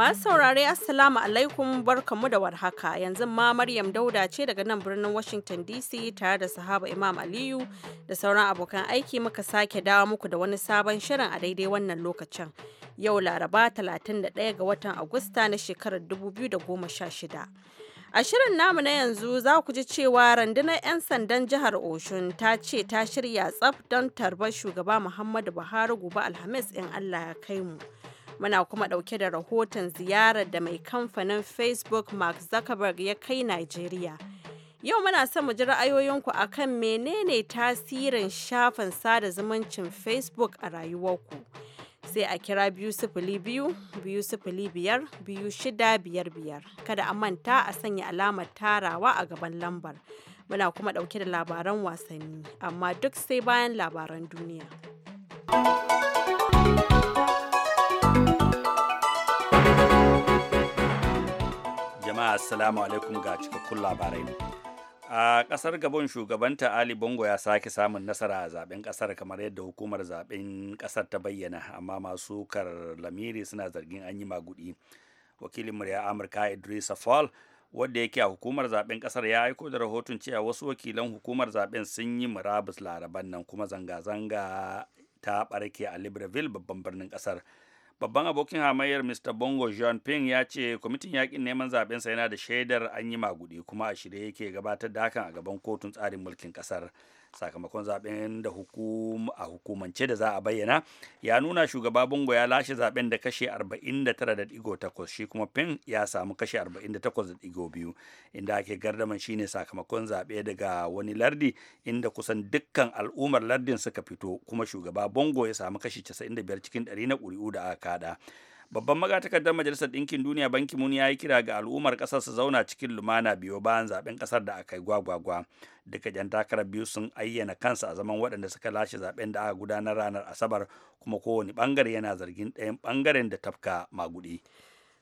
Masu saurare Assalamu alaikum barkamu da warhaka yanzu ma Maryam Dauda ce daga nan birnin Washington DC tare da sahaba Imam Aliyu da sauran abokan aiki muka sake dawo muku da wani sabon shirin a daidai wannan lokacin. Yau Laraba 31 ga watan Agusta na shekarar 2016. A shirin namu na yanzu za ku ji cewa rundunar 'yan sandan jihar Oshun ta ce ta shirya tsaf don tarbar shugaba Muhammadu Buhari gobe Alhamis in Allah ya kai mu. Muna kuma ɗauke da rahoton ziyarar da mai kamfanin Facebook Mark Zuckerberg ya kai Najeriya. Yau muna son mu ji ra'ayoyinku akan menene tasirin shafin sada zumuncin Facebook a rayuwarku. sai a kira biyu sifili biyu biyu sifili biyar biyu shida biyar biyar kada a manta a sanya alamar tarawa a gaban lambar muna kuma ɗauke da labaran wasanni amma duk sai bayan labaran duniya. jama'a assalamu alaikum ga cikakkun labarai a ƙasar gabon shugabanta ali bongo ya sake samun nasara a zaɓen ƙasar kamar yadda hukumar zaɓen ƙasar ta bayyana amma masu kar lamiri suna zargin an yi magudi wakilin murya amurka idris fall wadda yake a hukumar zaɓen ƙasar ya aiko da rahoton cewa wasu wakilan hukumar zaɓen sun yi murabus laraban nan kuma zanga-zanga ta ɓarke a libreville babban birnin ƙasar. babban abokin hamayyar mr bongo john ping ya ce kwamitin yakin neman zaɓensa yana da shaidar an yi magudi kuma a shirye yake gabatar da hakan a gaban kotun tsarin mulkin ƙasar. sakamakon zaben da a hukumance da za a bayyana ya nuna shugaba bungo ya lashe zaben da kashe 49.8 shi kuma pin ya samu kashe 48.2 inda ake gardaman shine sakamakon zaɓe daga wani lardi inda kusan dukkan al'ummar lardin suka fito kuma shugaba bungo ya samu kashe 95 cikin 100 na kuri'u da aka kada babban magatakardar majalisar ɗinkin duniya banki muni ya yi kira ga al'ummar ƙasar su zauna cikin lumana biyo bayan zaben ƙasar da aka yi gwagwagwa duka yan takarar biyu sun ayyana kansa a zaman waɗanda suka lashe zaben da aka gudanar ranar asabar kuma kowane ɓangare yana zargin ɗayan ɓangaren da tafka magudi.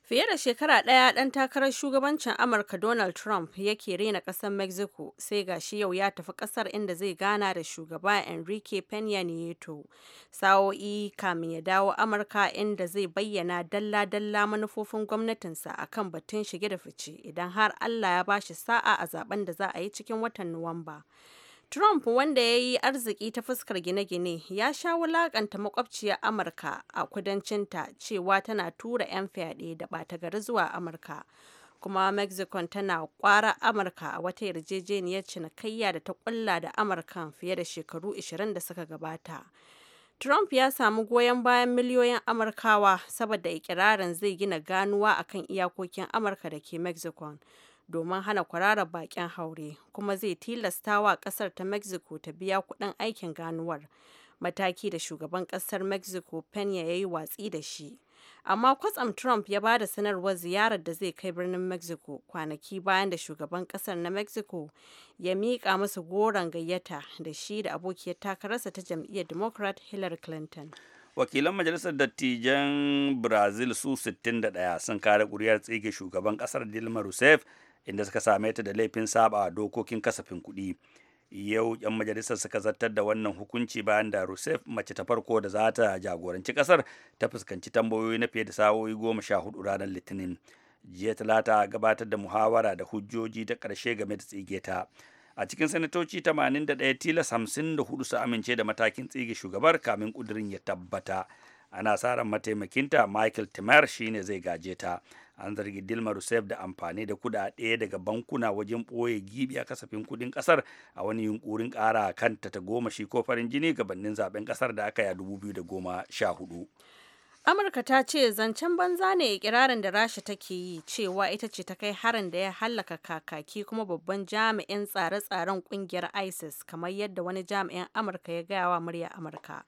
Fiye da shekara ɗaya ɗan takarar shugabancin Amurka Donald Trump yake rena ƙasar Mexico sai gashi yau ya tafi ƙasar inda zai gana da shugaba Enrique Peña Nieto. Sa'o'i kamin ya dawo Amurka inda zai bayyana dalla-dalla manufofin gwamnatinsa a kan batun shige da fice idan har Allah ya bashi sa'a a zaben da za a yi cikin watan Nuwamba. Trump wanda ya yi arziki ta fuskar gine-gine ya sha wulakanta makwabciyar Amurka a kudancinta cewa tana tura 'yan fyaɗe da ɓata gari zuwa Amurka. Kuma Mexico tana kwara Amurka a wata yarjejeniyar cinikayya da ta kulla da amurka fiye da shekaru 20 da suka gabata. Trump ya samu goyon bayan miliyoyin Amurkawa saboda ikirarin zai gina ganuwa akan iyakokin Amurka da ke Mexico. domin hana kwararar bakin haure kuma zai tilasta wa kasar ta mexico ta biya kudin aikin ganuwar mataki da shugaban kasar mexico pena ya yi watsi da shi amma kwatsam trump ya ba da sanarwar ziyarar da zai kai birnin mexico kwanaki bayan da shugaban kasar na mexico ya miƙa masa goron gayyata da shi da abokiyar takararsa ta jam'iyyar democrat hillary clinton wakilan majalisar dattijan brazil su 61 sun kare kuri'ar tsige shugaban kasar dilma rousseff inda suka same ta da laifin saba dokokin kasafin kuɗi yau 'yan majalisar suka zartar da wannan hukunci bayan da rusef mace ta farko da za ta jagoranci ƙasar, ta fuskanci tambayoyi na fiye da sa'o'i goma sha hudu ranar litinin jiya talata gabatar da muhawara da hujjoji ta ƙarshe game da tsigeta a cikin sanatoci 81 tilas hamsin da hudu su amince da matakin tsige shugabar kamin ƙudurin ya tabbata ana sa ran mataimakinta michael timar shine zai gaje ta an zargi dilma rousseff da amfani da kudade daga bankuna wajen ɓoye gibi a kasafin kudin kasar a wani yunkurin ƙara kanta ta goma shi ko farin jini gabanin zaben kasar da aka yi a 2014 amurka ta ce zancen banza ne ikirarin da rasha take yi cewa ita ce ta kai harin da ya hallaka kakaki kuma babban jami'in tsare-tsaren kungiyar isis kamar yadda wani jami'in amurka ya gaya wa murya amurka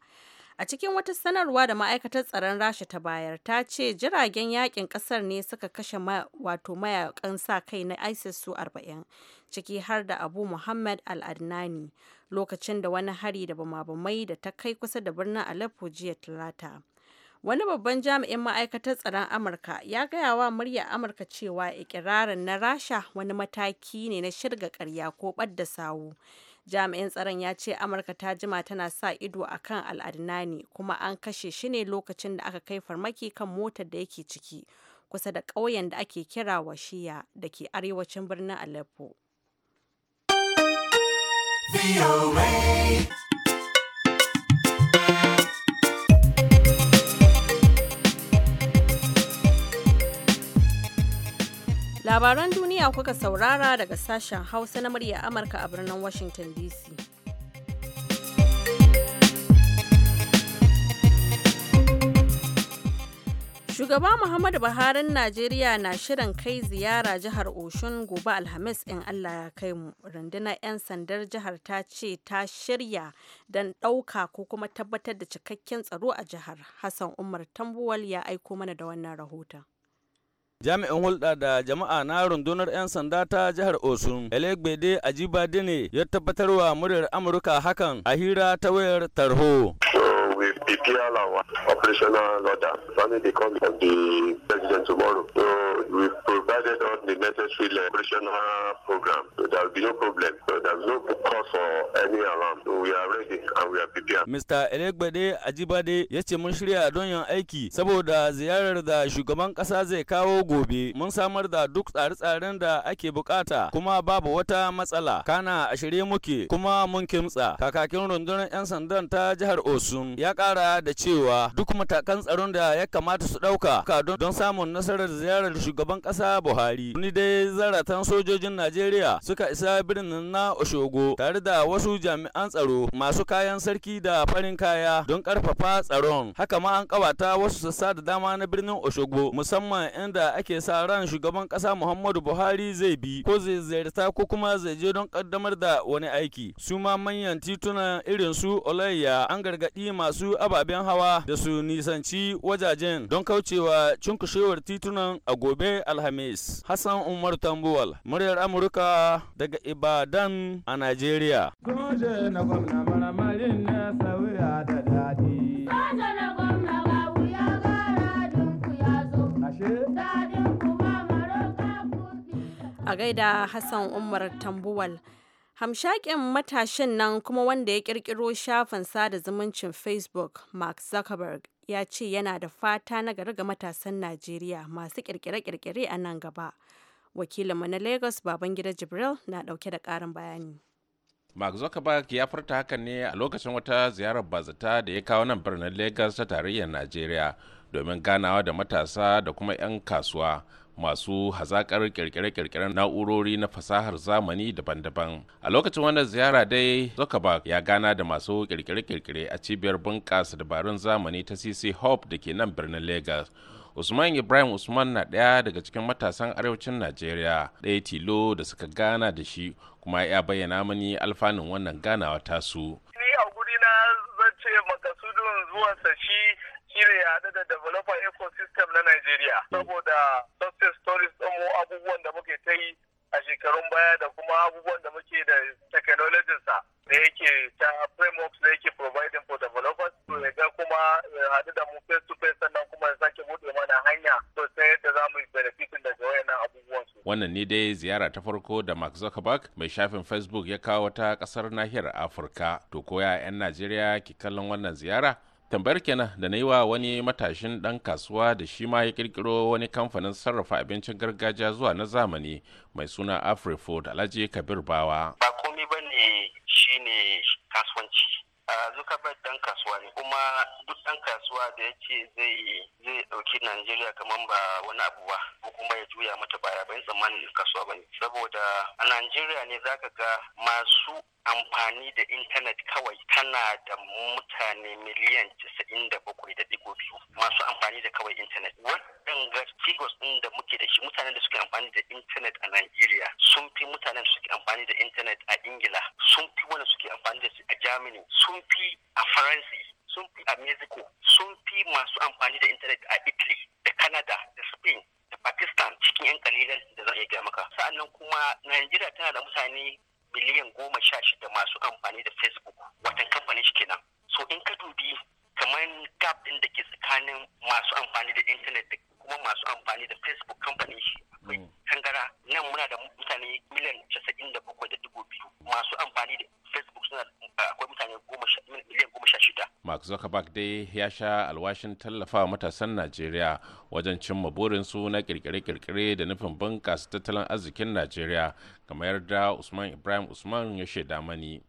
A cikin wata sanarwa da ma'aikatar tsaron Rasha ta bayar ta ce jiragen yakin kasar ne suka kashe wato mayakan sa kai na ISIS su 40 ciki har da Abu Muhammad Al-Adnani lokacin da wani hari da bamabamai da ta kai kusa da birnin Aleppo jiya Talata. Wani babban jami'in ma'aikatar tsaron Amurka ya gaya wa murya Amurka cewa ikirarin na Rasha wani mataki ne na shirga karya ko ɓadda sawu. jami'in tsaron ya ce amurka ta jima tana sa ido a kan al'adnani kuma an kashe shi ne lokacin da aka kai farmaki kan motar da yake ciki kusa da ƙauyen da ake kira shiya da ke arewacin birnin aleppo Labaran duniya kuka saurara daga sashen Hausa na murya Amurka a birnin Washington DC. Shugaba Muhammadu Buhari Najeriya na shirin kai ziyara jihar Oshun gobe Alhamis in Allah ya kai mu. Rundunar 'yan sandar jihar ta ce ta shirya don ɗauka ko kuma tabbatar da cikakken tsaro a jihar. Hassan Umar Tambuwal ya aiko mana da wannan rahoton. Jami'in hulɗa da jama'a na rundunar 'yan sanda ta jihar Osun, Elegbede Ajibade ne ya tabbatarwa muryar Amurka hakan a hira ta wayar tarho. prepare our operational order. Finally, they come from the president tomorrow. So we provided all the necessary operational program. So there will be no problem. So there is no cause for any alarm. So we are ready and we are prepared. Mr. Elegbede Ajibade ya ce mun shirya don yin aiki saboda ziyarar da shugaban kasa zai kawo gobe. Mun samar da duk tsare-tsaren da ake bukata kuma babu wata matsala. Kana a shirye muke kuma mun kimtsa. Kakakin rundunar 'yan sandan ta jihar Osun ya kara kara da cewa duk matakan tsaron da ya kamata su ɗauka don samun nasarar ziyarar shugaban ƙasa Buhari. Wani dai zaratan sojojin Najeriya suka isa birnin na Oshogo tare da wasu jami'an tsaro masu kayan sarki da farin kaya don ƙarfafa tsaron. Haka ma an ƙawata wasu sassa da dama na birnin Oshogo musamman inda ake sa ran shugaban ƙasa Muhammadu Buhari zai bi ko zai ziyarta ko kuma zai je don ƙaddamar da wani aiki. Su ma manyan tituna irin su Olayya an gargaɗi masu ababen hawa da su nisanci wajajen don kaucewa cunkushewar titunan a gobe Alhamis. Hassan Umar Tambuwal, muryar Amurka daga Ibadan a Najeriya. A gaida Hassan Umar Tambuwal. Hamshakin matashin nan kuma wanda ya kirkiro shafin sada zumuncin Facebook, Mark Zuckerberg, ya ce yana da fata na gari ga matasan Najeriya masu kirkire-kirkire a nan gaba. Wakilinmu na Lagos, Babangida Jibril, na ɗauke da ƙarin bayani. Mark Zuckerberg ya furta hakan ne a lokacin wata ziyarar bazata da ya kawo nan birnin Lagos ta tarayyar Najeriya domin ganawa da matasa da kuma 'yan kasuwa masu hazakar kirkire-kirkiren na'urori na fasahar zamani daban-daban. A lokacin wannan ziyara dai Zuckerberg ya gana da masu kirkire-kirkire a cibiyar bunƙasa dabarun zamani ta CC Hope da ke nan birnin Lagos. usman ibrahim usman na ɗaya daga cikin matasan arewacin najeriya ɗaya tilo da suka gana da shi kuma ya bayyana mani alfanun wannan ganawa tasu ni a guri na zance makasudin zuwansa shi shine ya haɗu da developer ecosystem na najeriya saboda success stories ɗin abubuwan da muke ta yi a shekarun baya da kuma abubuwan da muke da technologies da yake ta frameworks da yake providing for developers to ya ga kuma haɗu da mu face to face sannan kuma ya sake buɗe mana hanya sosai yadda za mu yi benefitin daga wayannan abubuwan su. Wannan ne dai ziyara ta farko da Mark Zuckerberg mai shafin Facebook ya kawo ta ƙasar nahiyar Afirka. To koya 'yan Najeriya ke kallon wannan ziyara? tambayar kenan da na yi wa wani matashin dan kasuwa da shi ma ya kirkiro wani kamfanin sarrafa abincin gargajiya zuwa na zamani mai suna afrifood alhaji kabir bawa ba komai ba ne shine kasuwanci Zuckerberg dan kasuwa ne kuma duk dan kasuwa da yake zai zai dauki Najeriya kamar ba wani abu ba ko kuma ya juya mata baya bayan tsammanin kasuwa ne saboda a Najeriya ne zaka ga masu amfani da intanet kawai tana da mutane miliyan 97.2 masu amfani da kawai intanet waɗanda figures ɗin da muke da shi mutanen da suke amfani da intanet a Najeriya sun fi mutanen da suke amfani da intanet a Ingila sun fi wanda suke amfani da shi a Germany sun sun fi a faransi sun fi a mexico sun fi masu amfani da intanet a italy da canada da spain da pakistan cikin 'yan kalilan da zan iya gaya maka sa'annan kuma nigeria tana da mutane miliyan goma sha shida masu amfani da facebook watan kamfanin shi kenan so in ka dubi kamar gap din da ke tsakanin masu amfani da intanet da kuma masu amfani da facebook kamfanin shi akwai mm. tangara nan muna da mutane miliyan mark zuckerberg dai ya sha alwashin tallafa matasan najeriya wajen cimma burinsu na kirkire-kirkire da nufin bunƙasa tattalin arzikin najeriya kamar yarda usman ibrahim usman ya shaida mani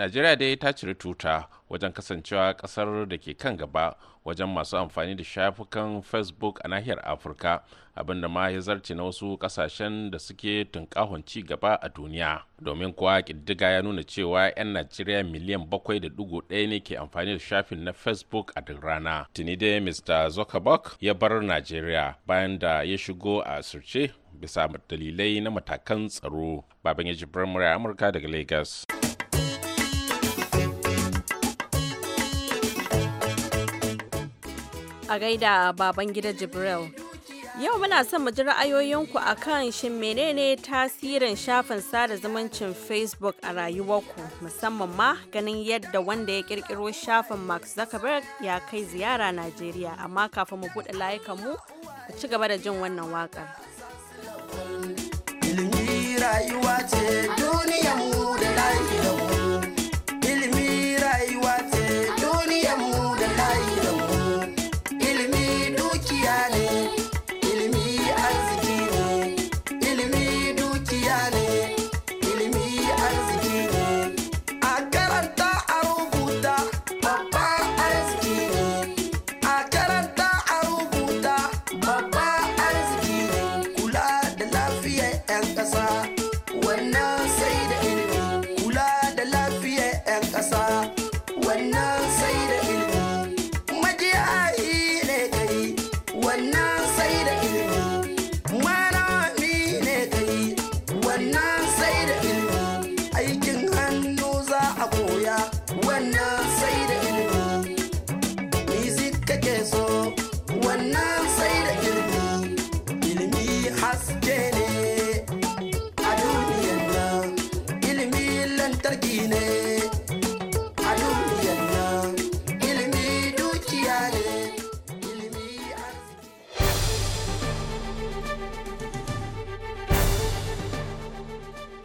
najeriya dai ta ciri tuta wajen kasancewa kasar da ke kan gaba wajen masu amfani da shafukan facebook a nahiyar afirka abinda ma ya zarce na wasu kasashen da suke tunkahon ci gaba a duniya domin kuwa ƙiddiga ya nuna cewa 'yan najeriya miliyan 7.1 ne ke amfani da shafin na facebook a duk rana tuni dai mr zuckerberg ya bar najeriya bayan da ya shigo a sirce bisa dalilai na matakan tsaro baban ya jibrin murya amurka daga lagos a gaida baban gida Jibril. Yau muna son mu ji ra'ayoyinku a kan shin menene tasirin shafin sada zumuncin Facebook a rayuwarku musamman ma ganin yadda wanda ya kirkiro shafin Mark Zuckerberg ya kai ziyara Najeriya amma kafin mu buɗe mu ku ci gaba da jin wannan waƙar. rayuwa ce duniyanmu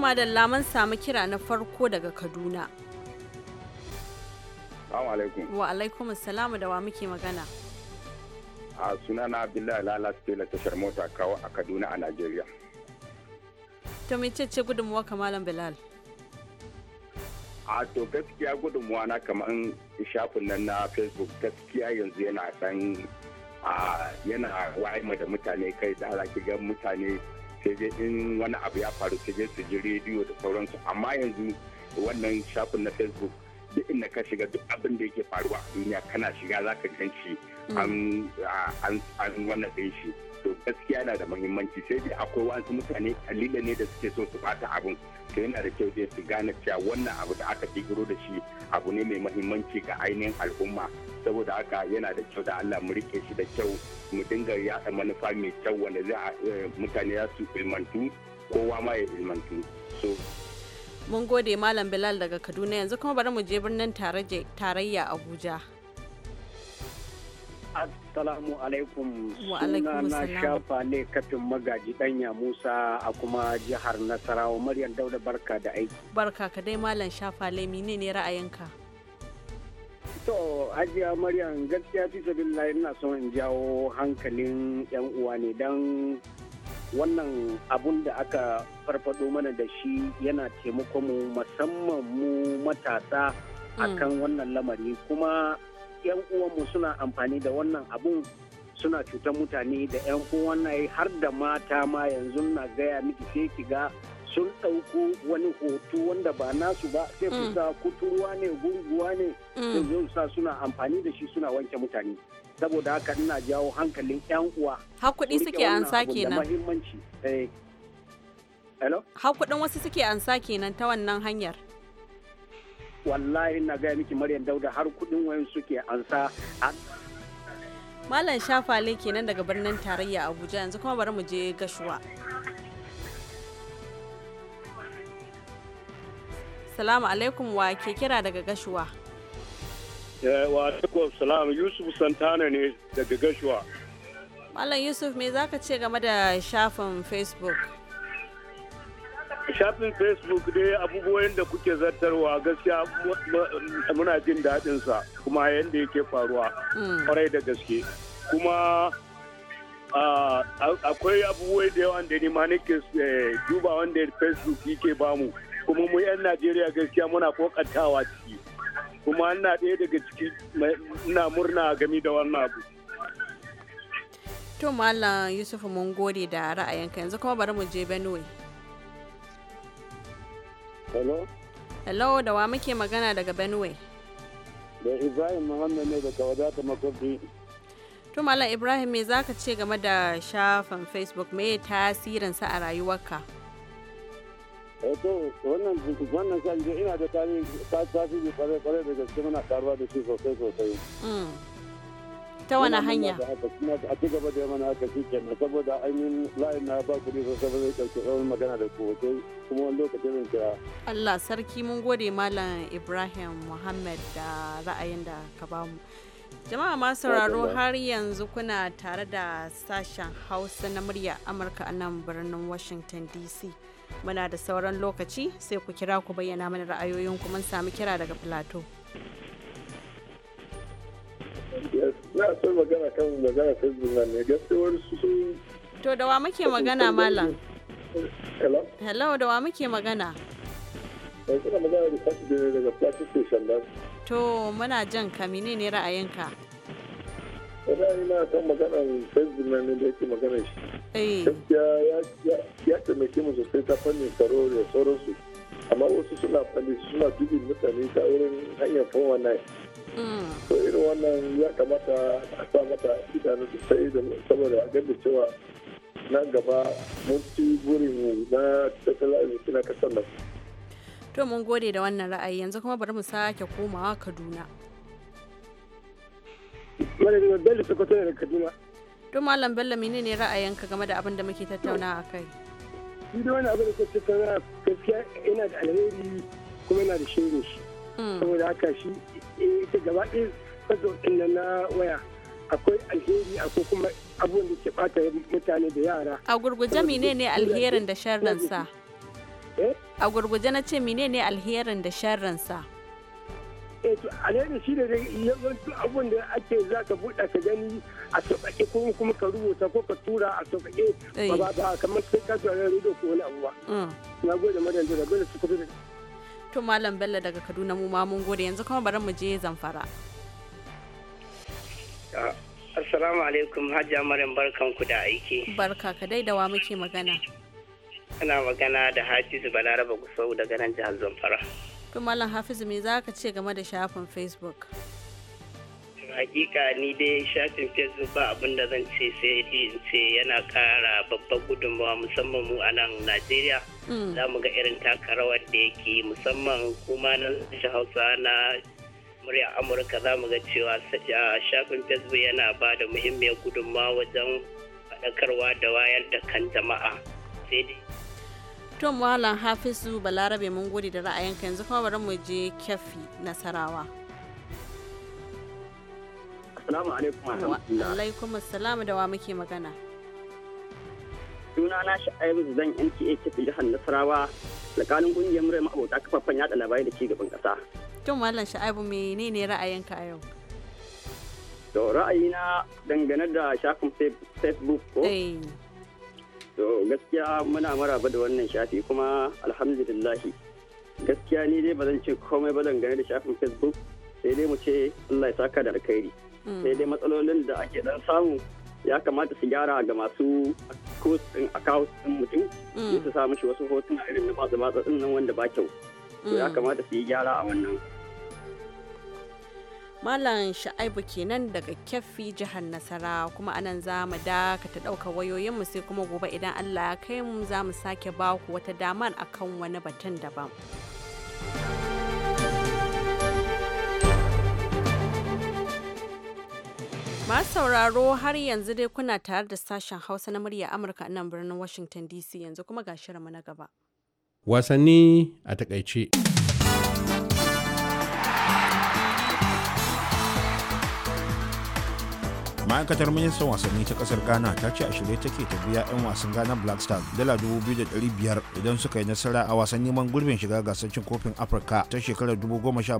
madalla mun samu kira na farko daga Kaduna. Wa alaikum salamu da wa muke magana. A sunana Abdullahi Lala Stela tashar mota kawo a Kaduna a Najeriya. To mecece gudunmuwa ka Bilal? A to gaskiya gudunmuwa na kamar shafin nan na Facebook gaskiya yanzu yana dan yana wa'ima da mutane kai da ga mutane sai dai in wani abu ya faru sai dai su ji rediyo da sauransu amma yanzu wannan shafin na facebook duk inda ka shiga duk abin da yake faruwa a duniya kana shiga za ka gan mm. an wannan ɗin shi to gaskiya yana da muhimmanci sai dai akwai wasu mutane kalila ne da suke so su bata abin to yana da kyau dai su gane cewa wannan abu da aka kirkiro da shi abu ne mai muhimmanci ga ainihin al'umma saboda haka yana da kyau da Allah mu rike shi da kyau mu dinga yaɗa manufa mai kyau wanda za eh, mutane za su ilmantu kowa ma ya ilmantu so mun gode malam bilal daga kaduna yanzu kuma bari mu je birnin tarayya abuja Assalamu alaikum suna shafa ne kafin magaji danya Musa a kuma jihar Nasarawa Maryam Dauda barka da aiki. Barka ka dai Malam shafa ne ne ra'ayinka? To, ajiya Maryam gaskiya fi billahi ina so in jawo hankalin 'yan uwa ne don wannan abun da aka farfado mana da shi yana taimako mu musamman mu matasa hmm. akan wannan lamari kuma 'yan uwanmu suna amfani da wannan abun suna cutar mutane da 'yan uwan har da mata ma yanzu na gaya miki sai ki ga sun ɗauko wani hoto wanda ba nasu ba sai mm. sa kuturwa ne gurguwa ne yanzu mm. sa suna amfani da shi suna wanke mutane saboda haka ina jawo hankalin yan uwa har kuɗi suke ansa kenan muhimmanci eh hello kuɗin wasu suke sake nan ta wannan hanyar wallahi na gaya miki maryam dauda har kuɗin wayan suke sa Malam Shafale kenan daga birnin tarayya Abuja yanzu kuma bari mu je gashuwa. Assalamu alaikum wa ke kira daga gashuwa. Wa alaikum salam Yusuf Santana ne daga gashuwa. Malam Yusuf me zaka ce game da shafin Facebook? Shafin Facebook dai abubuwan da kuke zartarwa gaskiya muna jin daɗinsa kuma yadda yake faruwa hmm. kwarai da gaske. Kuma akwai abubuwa da yawan da ma nake eh, duba wanda Facebook yake bamu. kuma mu 'yan najeriya gaskiya muna kokantawa ciki kuma ina ɗaya daga ciki ina murna gami da wannan abu to mallam yusufu mun gode da ra'ayinka yanzu kuma bari mu je benue hello hello da wa muke magana daga benue da ibrahim muhammad ne daga wadata makwabci to mallam ibrahim me zaka ce game da shafin facebook me tasirinsa a rayuwarka to wannan wannan sanje ina da tarihi tasiri kwarai kwarai da gaske muna karuwa da shi sosai sosai mm. ta wani hanya a ci gaba da mana haka shi kenan saboda ainihin layin na ba kuɗi sosai zai ɗauki tsawon magana da ku wace kuma wani lokacin zan kira Allah sarki mun gode malam Ibrahim Muhammad da ra'ayin da ka bamu Jama'a masu sauraro har yanzu kuna tare da sashen Hausa na murya Amurka a nan birnin Washington DC. muna da sauran lokaci sai ku kira ku bayyana mana ra'ayoyin mun sami kira daga plateau na magana kan magana na to da wa muke magana malam hello hello da wa muke magana magana daga to muna jan ka ne ra'ayinka ra'ayi na kan maganar facebook na ne da yake magana shi Eh. gaskiya ya taimake mu sosai ta fannin tsaro da sauransu amma wasu suna fali suna dubi mutane ta wurin hanyar fon wannan mm. to irin wannan ya kamata a sa mata idanu sosai saboda a ganda cewa nan gaba mun ci burin na tattalin arziki na kasar nan to mun gode da wannan ra'ayi yanzu kuma bari mu sake komawa kaduna Kaduna. don malam bello mene ne ra'ayinka game da abin da muke tattauna a kai shi da wani abin da ke tattauna gaskiya ina da alheri kuma ina da shirin shi hmm. saboda haka shi eh, ita gaba ɗaya fasa na waya akwai alheri akwai kuma abubuwan da ke bata mutane da yara a gurguje mene ne alherin da sharransa eh? a gurguje na ce mene ne alherin da sharransa eh to alheri shi da yawancin abun da ake za ka buɗa ka gani a sauƙaƙe ko kuma ka rubuta ko ka tura a sauƙaƙe eh. ba ba ba kamar sai ka tura rediyo ko wani abuwa. Mm. Na gode madan da gode su kudu da. To Malam Bello daga Kaduna mu ma mun gode yanzu kuma barin mu je Zamfara. Ah, assalamu alaikum Hajji Maryam barkan ku da aiki. Barka ka dai da muke magana. Ana magana da Hafizu Balaraba Gusau daga nan jihar Zamfara. to malam hafiz me za ka ce game da shafin facebook hakika ni dai shafin facebook ba abin da zan ce sai in ce yana kara babban gudunmawa musamman mu a nan najeriya hmm. za mu ga irin takarawar da yake musamman kuma na hausa na murya amurka za mu ga cewa shafin facebook yana ba da muhimmiyar gudunmawa wajen faɗakarwa da wayar da kan jama'a sai dai to malam hafizu balarabe mun gode da ra'ayinka yanzu kuma bari mu je kyafi nasarawa Assalamu alaikum alaikum assalamu da wa muke magana suna na sha'ayin zan NTA kyafi jihar Nasarawa alƙalin ƙungiyar murai ma'abota kafafen yada labarai da cigaban ƙasa. Tun Malam Sha'abu ne ra'ayinka a yau? To ra'ayina dangane da shafin Facebook ko? Eh. To gaskiya muna maraba da wannan shafi kuma alhamdulillahi. Gaskiya ni dai ba ce komai ba dangane da shafin Facebook sai dai mu ce Allah ya saka da alkhairi. Mm. Sai dai matsalolin da ake dan samu ya kamata su gyara ga masu kotun account din mutum mm. su sa mishi wasu hotuna irin na su matsa nan wanda ba kyau. Ya mm. kamata su yi gyara a wannan. Malam Sha'aibu kenan daga kyafi jihar Nasara kuma anan za mu dakata ɗauka wayoyinmu sai kuma gobe idan Allah ya kai mu za mu sake ba ku wata damar akan wani batun daban. Masu sauraro har yanzu dai kuna tare da sashen Hausa na murya Amurka nan birnin Washington DC yanzu kuma ga shirinmu na gaba. Wasanni a takaice. ma'aikatar ministan wasanni ta kasar ghana ta ce a shirye take ta biya 'yan wasan ghana black stars dala 2,500 idan suka yi nasara a wasan neman gurbin shiga gasar cin kofin afirka ta shekarar 2017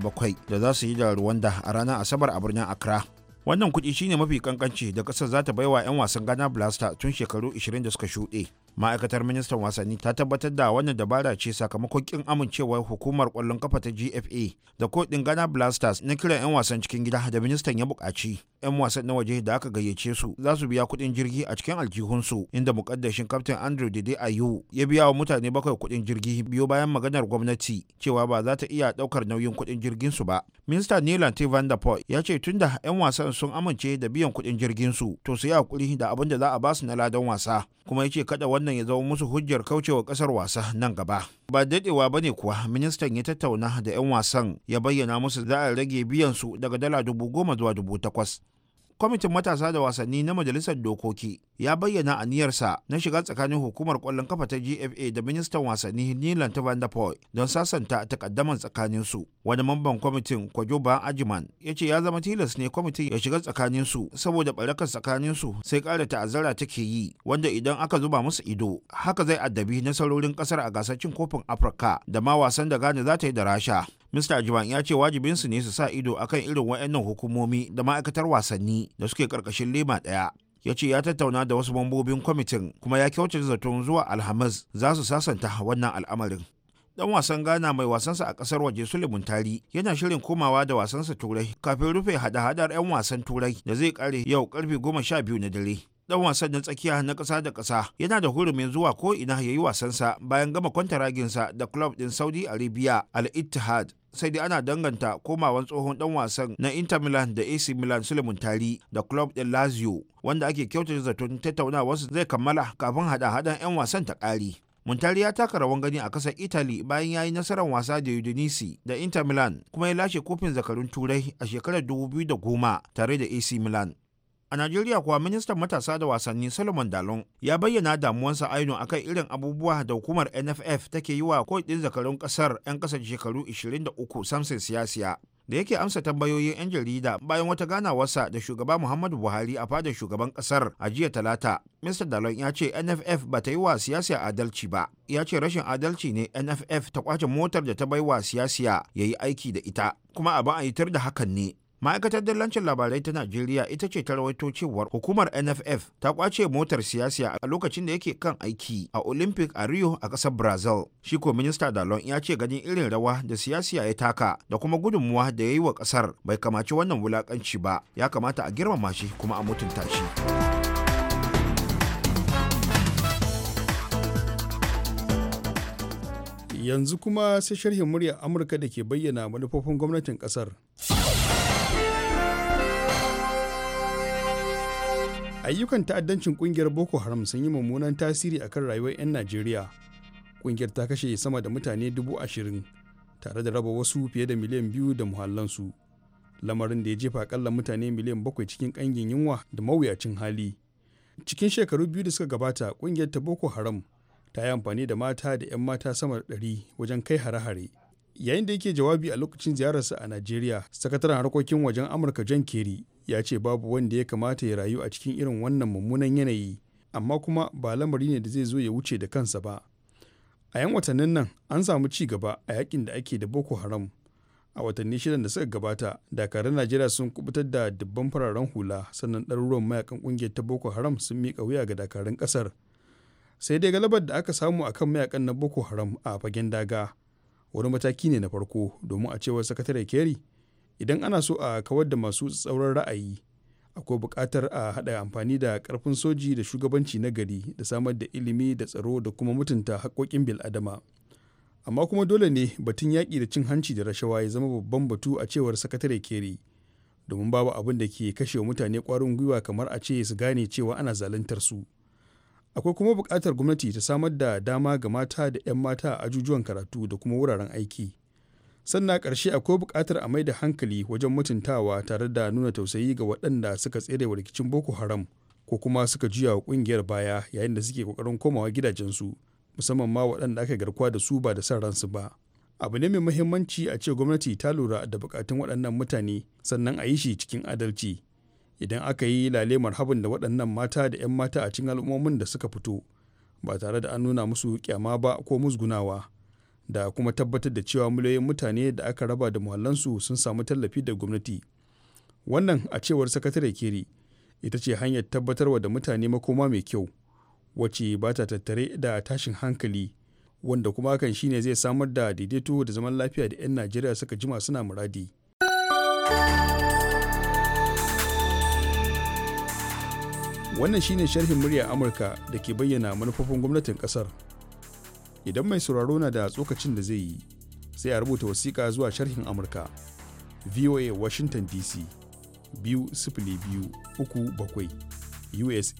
da za su yi da rwanda a ranar asabar a birnin accra wannan kuɗi shine mafi kankanci da ƙasar za ta baiwa 'yan wasan ghana blaster tun shekaru 20 da suka shuɗe ma'aikatar ministan wasanni ta tabbatar da wannan dabara ce sakamakon kin amincewar hukumar kwallon kafa ta gfa da kodin ghana blasters na kiran 'yan wasan cikin gida da ministan ya buƙaci 'yan wasan na waje da aka gayyace su za su biya kuɗin jirgi a cikin aljihun su inda mukaddashin captain andrew dede ayu ya biya wa mutane bakwai kuɗin jirgi biyo bayan maganar gwamnati cewa ba za ta iya ɗaukar nauyin kuɗin jirgin su ba minista nilan t van ya ce tunda 'yan wasan sun amince da biyan kuɗin jirgin su to su yi hakuri da abin da za a ba su na ladan wasa kuma ya ce kada wannan ya zama musu hujjar kaucewa kasar wasa nan gaba ba dadewa ba ne kuwa ministan ya tattauna da 'yan wasan ya bayyana musu za a rage biyan su daga dala dubu goma zuwa dubu takwas kwamitin matasa da wasanni na majalisar dokoki ya bayyana aniyarsa na shiga tsakanin hukumar kwallon kafa ta gfa da ministan wasanni nilan ta don sasanta takaddaman tsakanin su wani mamban kwamitin ba ajiman ya ce ya zama tilas ne kwamitin ya shiga tsakanin su saboda barakar tsakanin su sai kara ta'azzara take yi wanda idan aka zuba musu ido haka zai addabi nasarorin kasar a gasar cin kofin afirka da ma wasan da gane za ta yi da rasha Mr. Ajiban ya ce wajibinsu ne su sa ido akan irin waɗannan hukumomi da ma'aikatar wasanni da suke karkashin lema ɗaya. Ya ce ya tattauna da wasu mambobin kwamitin kuma ya kyauce zaton zuwa Alhamis za su sasanta wannan al'amarin. dan wasan Ghana mai wasansa a kasar waje Suleiman Tari yana shirin komawa da wasansa Turai kafin rufe hada-hadar 'yan wasan Turai da zai kare yau karfe goma sha biyu na dare. Dan wasan na tsakiya na kasa da kasa yana da hurumin zuwa ko ina ya yi wasansa bayan gama kwantaraginsa da club din Saudi Arabia Al-Ittihad sai dai ana danganta komawan tsohon dan wasan na inter milan da ac milan suleiman tari da club din lazio wanda ake kyautata zaton tattaunawarsu zai kammala kafin hada-hadan 'yan wasan ta kari Muntari ya taka rawan gani a kasar Italy bayan ya yi nasarar wasa da Udinese da Inter Milan kuma ya lashe kofin zakarun Turai a shekarar 2010 tare da AC Milan. A Najeriya kuwa ministan matasa da wasanni Solomon Dalon ya bayyana damuwansa aino akan irin abubuwa da hukumar NFF take yi wa ɗin zakarun ƙasar 'yan ƙasar shekaru 23 samsin siyasiya. Da yake amsa tambayoyin 'yan jarida bayan wata ganawarsa da shugaba Muhammadu Buhari a fadar shugaban ƙasar a jiya talata. Mr. Dalon ya ce NFF ba ta yi wa siyasa adalci ba. Ya ce rashin adalci ne NFF ta kwace motar da ta bai wa siyasa ya yi aiki da ita. Kuma abin a yi yitar da hakan ne. ma'aikatar dillancin labarai ta najeriya ita ce ta rawaito cewar hukumar nff ta kwace motar siyasa a lokacin da yake kan aiki a olympic a rio a ƙasar brazil shi ko minista dalon ya ce ganin irin rawa da siyasa ya taka da kuma gudunmuwa da ya yi wa ƙasar bai kamaci wannan wulakanci ba ya kamata a girmama shi kuma a mutunta shi yanzu kuma sai sharhin muryar amurka da ke bayyana manufofin gwamnatin kasar. ayyukan ta'addancin kungiyar boko haram sun yi mummunan tasiri akan rayuwar 'yan najeriya kungiyar ta kashe sama da mutane dubu ashirin tare da raba wasu fiye da miliyan biyu da muhallansu lamarin da ya jefa akalla mutane miliyan bakwai cikin kangin yunwa da mawuyacin hali cikin shekaru biyu da suka gabata kungiyar ta boko haram ta yi amfani da mata da 'yan mata sama da ɗari wajen kai hare-hare yayin da yake jawabi a lokacin ziyararsa a najeriya sakataren harkokin wajen amurka john kerry ya ce babu wanda ya kamata ya rayu a cikin irin wannan mummunan yanayi amma kuma ba lamari ne da zai zo ya wuce da kansa ba a yan watannin nan an samu ci gaba a yakin da ake da boko haram a watanni shidan da suka gabata dakarun najeriya sun kubutar da dubban fararen hula sannan ɗaruruwan mayakan ƙungiyar ta boko haram sun miƙa wuya ga dakarun ƙasar sai dai galabar da aka samu akan mayakan na boko haram a fagen daga wani mataki ne na farko domin a cewar sakatare keri idan ana so a kawar da masu tsauran ra'ayi akwai buƙatar a haɗa amfani da ƙarfin soji da shugabanci na gari da samar da ilimi da tsaro da kuma mutunta haƙoƙin bil'adama amma kuma dole ne batun yaƙi da cin hanci da rashawa ya zama babban batu a cewar sakatare kere domin babu abin da ke kashe mutane ƙwarin gwiwa kamar a ce su gane cewa ana zaluntar su akwai kuma buƙatar gwamnati ta samar da dama ga mata da 'yan mata a ajujuwan karatu da kuma wuraren aiki sannan ƙarshe akwai buƙatar a mai da hankali wajen mutuntawa tare da nuna tausayi ga waɗanda suka tsere wa rikicin boko haram ko kuma suka juya wa ƙungiyar baya yayin da suke ƙoƙarin komawa gidajensu musamman ma waɗanda aka garkuwa da su ba da san ransu ba abu ne mai muhimmanci a ce gwamnati ta lura da buƙatun waɗannan mutane sannan a yi shi cikin adalci idan aka yi lale marhabin da waɗannan mata da 'yan mata a cikin al'ummomin da suka fito ba tare da an nuna musu kyama ba ko musgunawa da kuma tabbatar da cewa miliyoyin mutane da aka raba da muhallansu sun samu tallafi da gwamnati wannan a cewar sakatare keri ita ce hanyar tabbatarwa da mutane makoma mai kyau wacce ba ta tattare da tashin hankali wanda kuma hakan shine zai samar da daidaito da zaman lafiya da 'yan najeriya suka jima suna muradi wannan shine sharhin murya amurka da ke bayyana manufofin gwamnatin kasar idan mai sauraro na da tsokacin da zai yi sai a rubuta wasiƙa zuwa sharhin amurka voa washington dc biyu biyu uku bakwai usa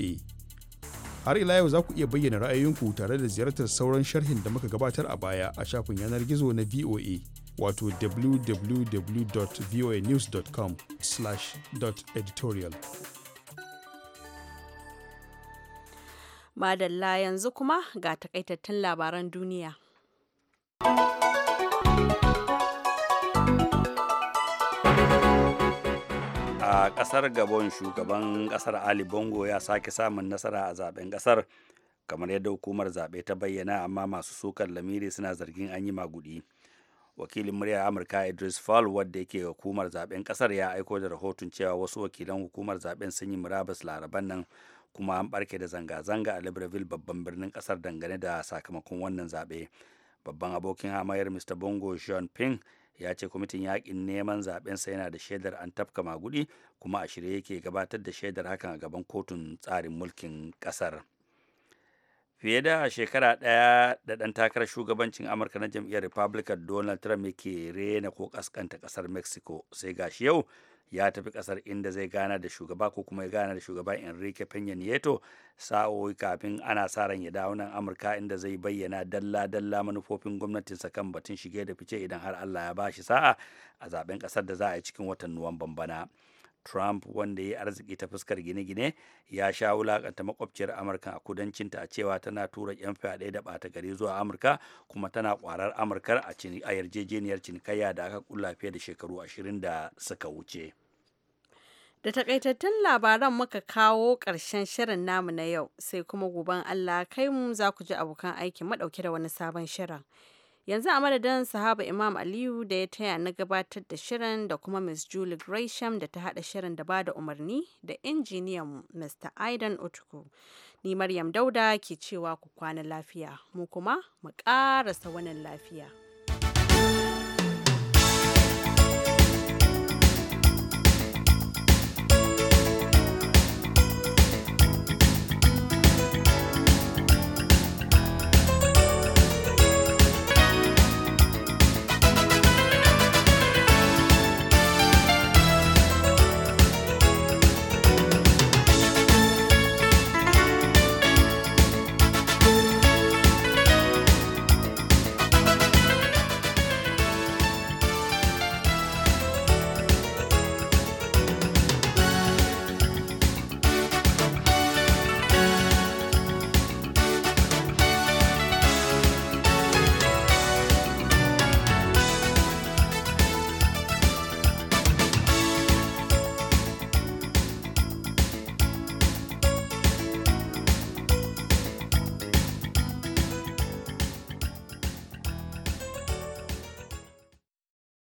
har ila yau za ku iya bayyana ra'ayoyinku tare da ziyartar sauran sharhin da muka gabatar a baya a shafin yanar gizo na voa wato www.voanews.com/editorial Madalla yanzu kuma ga takaitattun labaran duniya. A ƙasar Gabon shugaban ƙasar Ali Bongo ya sake samun nasara a zaben ƙasar kamar yadda hukumar zaɓe ta bayyana amma masu sukar lamiri suna zargin an yi maguɗi. wakilin muryar amurka idris fall wadda yake hukumar zaɓen ƙasar ya aiko da rahoton cewa wasu wakilan hukumar zaben sun yi murabus laraban nan kuma an barke da zanga-zanga a libreville babban birnin kasar dangane da sakamakon wannan zaɓe babban abokin hamayar mr bongo john ping ya ce kwamitin yakin neman sa yana da shaidar an tafka magudi kuma a shirye yake gabatar da shaidar hakan a gaban kotun tsarin mulkin kasar fiye da shekara ɗaya da ɗan takarar shugabancin amurka na jam'iyyar republican donald trump yake rena ko kaskanta kasar mexico sai gashi yau ya tafi kasar inda zai gana da shugaba ko kuma ya gana da shugaba enrique peña nieto sa'o'i kafin ana sa ran ya dawo nan amurka inda zai bayyana dalla-dalla manufofin gwamnatinsa kan batun shige da fice idan har allah ya bashi sa'a a zaben kasar da za a yi cikin watan nuwamban bana Trump wanda ya yi arziki ta fuskar gine-gine ya sha wulakanta makwabciyar Amurka a kudancin ta a cewa tana tura 'yan fyaɗe da ɓata gari zuwa Amurka kuma tana kwarar Amurkar a yarjejeniyar cinikayya da aka kula fiye da shekaru ashirin da suka wuce. Da takaitattun labaran muka kawo ƙarshen shirin namu na yau sai kuma goben Allah kai mu za ku ji abokan aiki madauke da wani sabon shirin. Yanzu a madadin sahaba Imam Aliyu da ya taya na gabatar da shirin da kuma Miss Julie Gresham da ta haɗa shirin da bada umarni da injiniyan Mr. Aidan Utuku. Ni Maryam Dauda ke cewa ku kwana lafiya, mu kuma mu ƙarasa wannan lafiya.